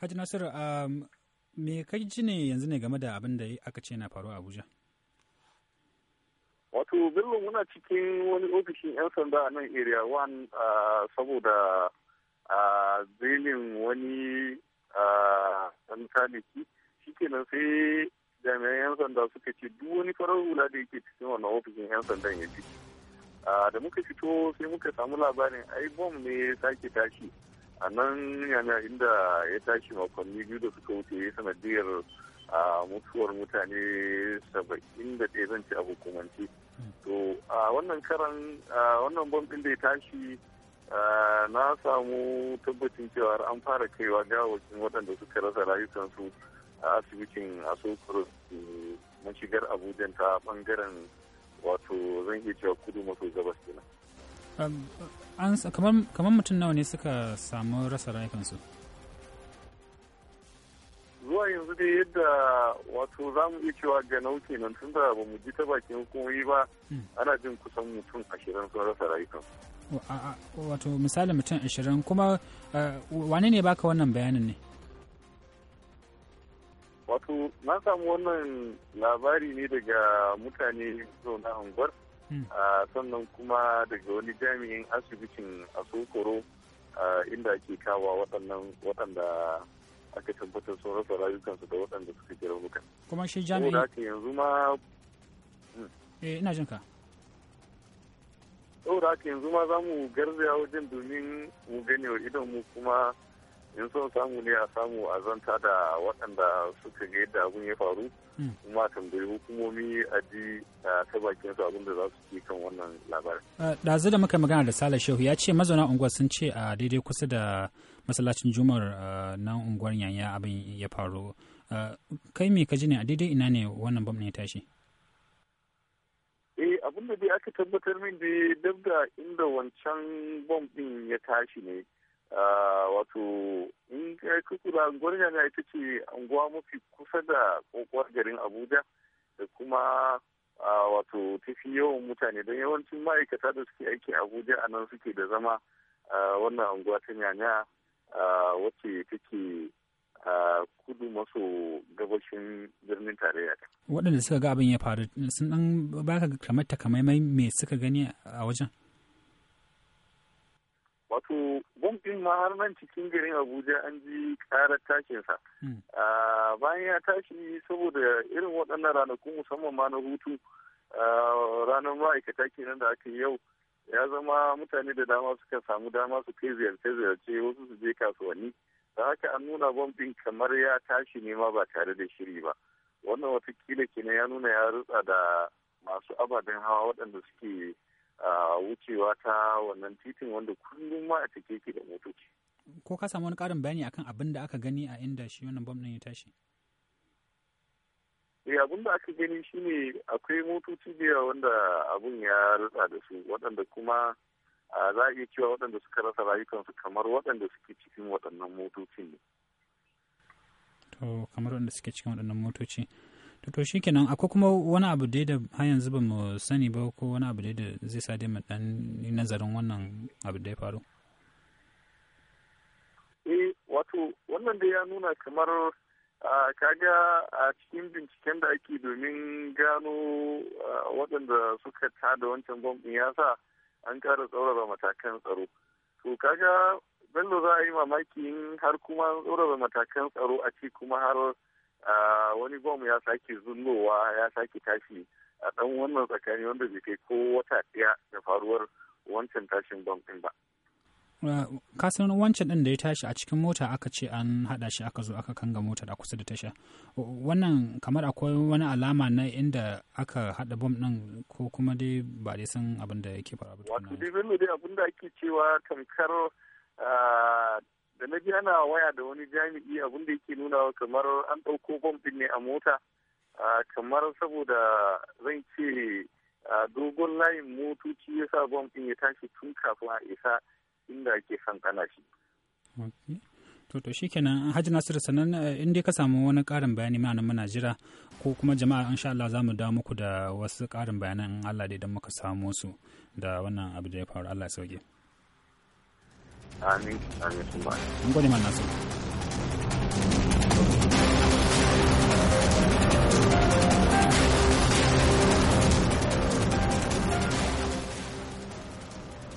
Haji Nasiru, um, me kai ji ne yanzu ne game da abin da aka ce na faru a Abuja? Wato, Bello muna cikin wani ofishin 'yan sanda a nan Area 1 uh, saboda uh, zilin wani ɗan uh, taliki shi kenan sai jami'an 'yan sanda suka ce duk wani farar hula da yake cikin wannan ofishin 'yan sanda ya fi. Uh, da muka fito sai muka samu labarin ai bom ne sake tashi a nan yana inda ya tashi makonni biyu da suka wuce ya sanadiyar a mutuwar mutane saba'in da ɗaya zan ci a hukumance to a wannan karan a wannan bombin da ya tashi na samu tabbacin cewa an fara kaiwa gawakin waɗanda suka rasa rayukansu a asibitin a eh, mashigar abuja ta ɓangaren wato zan iya cewa kudu maso gabas kenan kamar mutum nawa ne suka samu rasa rayukansu zuwa yanzu dai yadda wato za mu iya cewa ganau kenan tun da ba mu ji ta bakin hukumomi ba hmm. ana jin kusan mutum ashirin sun rasa rayukansu wato misali mutum ashirin kuma eh, wane ne baka wannan bayanin ne wato na samu wannan labari ne daga mutane zauna unguwar Hmm. Ah, sannan kuma daga wani jami'in asibitin a sokoro ah, inda ake kawo waɗannan waɗanda aka tabbatar sun rasa rayukansu da waɗanda suka ji raunuka. Kuma shi jami'in? Ko da yanzu ma. Hmm. Eh ina jinka. ka. Saboda haka yanzu ma za mu garzaya wajen domin mu gane wa idan mu kuma in so samu ne a samu a zanta da waɗanda suka ga yadda abun ya faru hmm. kuma tambayi hukumomi a ji ta bakin su abin da za su ci kan wannan labarin. ɗazu da muka magana da Sale Shehu ya ce mazauna unguwar sun ce a daidai kusa da masallacin Jumar nan unguwar yanya abin ya faru. Kai me ka ji ne a daidai ina ne wannan bam ne ya tashi? eh abin da dai aka tabbatar min da dab inda wancan bom din ya tashi ne wato in ka kula unguwar jami'a ita ce anguwa mafi kusa da kokowar garin abuja da kuma wato tafi yawan mutane don yawancin ma'aikata da suke aiki abuja a nan suke da zama wannan anguwa ta nyanya wacce take a kudu maso gabashin birnin tarayya. Waɗanda suka ga abin ya faru sun ɗan baka kamar takamaimai me suka gani a wajen? to bombin ma har cikin garin abuja an ji karar tashinsa hmm. bayan ya tashi saboda irin waɗannan ranakun musamman ma na hutu ranar ma'aikata kenan da aka yi yau ya zama mutane da dama suka samu dama su kai ziyarce-ziyarce wasu su je kasuwanni da haka an nuna bombin kamar ya tashi ne ma ba tare da shiri ba wannan watakila kenan ya nuna ya rutsa da masu ababen hawa waɗanda suke wucewa ta wannan titin wanda kullum ma a take yake da motoci. Ko ka samu wani ƙarin bayani akan abin da aka gani a inda shi wannan bom ɗin ya tashi? Eh abin da aka gani shine akwai motoci da wanda abun ya rasa da su waɗanda kuma za a iya cewa waɗanda suka rasa rayukansu kamar waɗanda suke cikin waɗannan motocin ne. To kamar waɗanda suke cikin waɗannan motoci. to shi kenan akwai kuma wani abu dai da har yanzu ba mu sani ba ko wani abu dai da zai sa dai mu dan nazarin wannan abu da ya faru eh wato wannan da ya nuna kamar kaga a cikin binciken da ake domin gano waɗanda suka tada wancan bom ya sa an ƙara tsaurara matakan tsaro to kaga bello za a yi mamaki har kuma tsaurara matakan tsaro a ce kuma har wani bom ya sake zunowa ya sake tashi a ɗan wannan tsakani wanda bai kai ko wata ɗaya da faruwar wancan tashin bom ɗin ba. ka san wancan ɗin da ya tashi a cikin mota aka ce an haɗa shi aka zo aka kanga mota a kusa da tasha wannan kamar akwai wani alama na inda aka haɗa bom ɗin ko kuma dai ba dai san abin da yake faru ba wato dai bello dai abin da ake cewa tamkar ah, da na ji ana waya da wani jami'i abin da yake nuna kamar an ɗauko bombin ne a mota kamar saboda zan ce dogon layin motoci ya sa bombin ya tashi tun kafin a isa inda ake son ana shi. to to shikenan hajji nasir sannan eh, in dai ka samu wani karin bayani ma'anan muna jira ko kuma jama'a insha Allah za mu dawo muku da wasu karin bayanan Allah dai idan muka samu su da wannan abu da ya faru Allah ya sauke. Amin. Amin. Mungu ni manasi.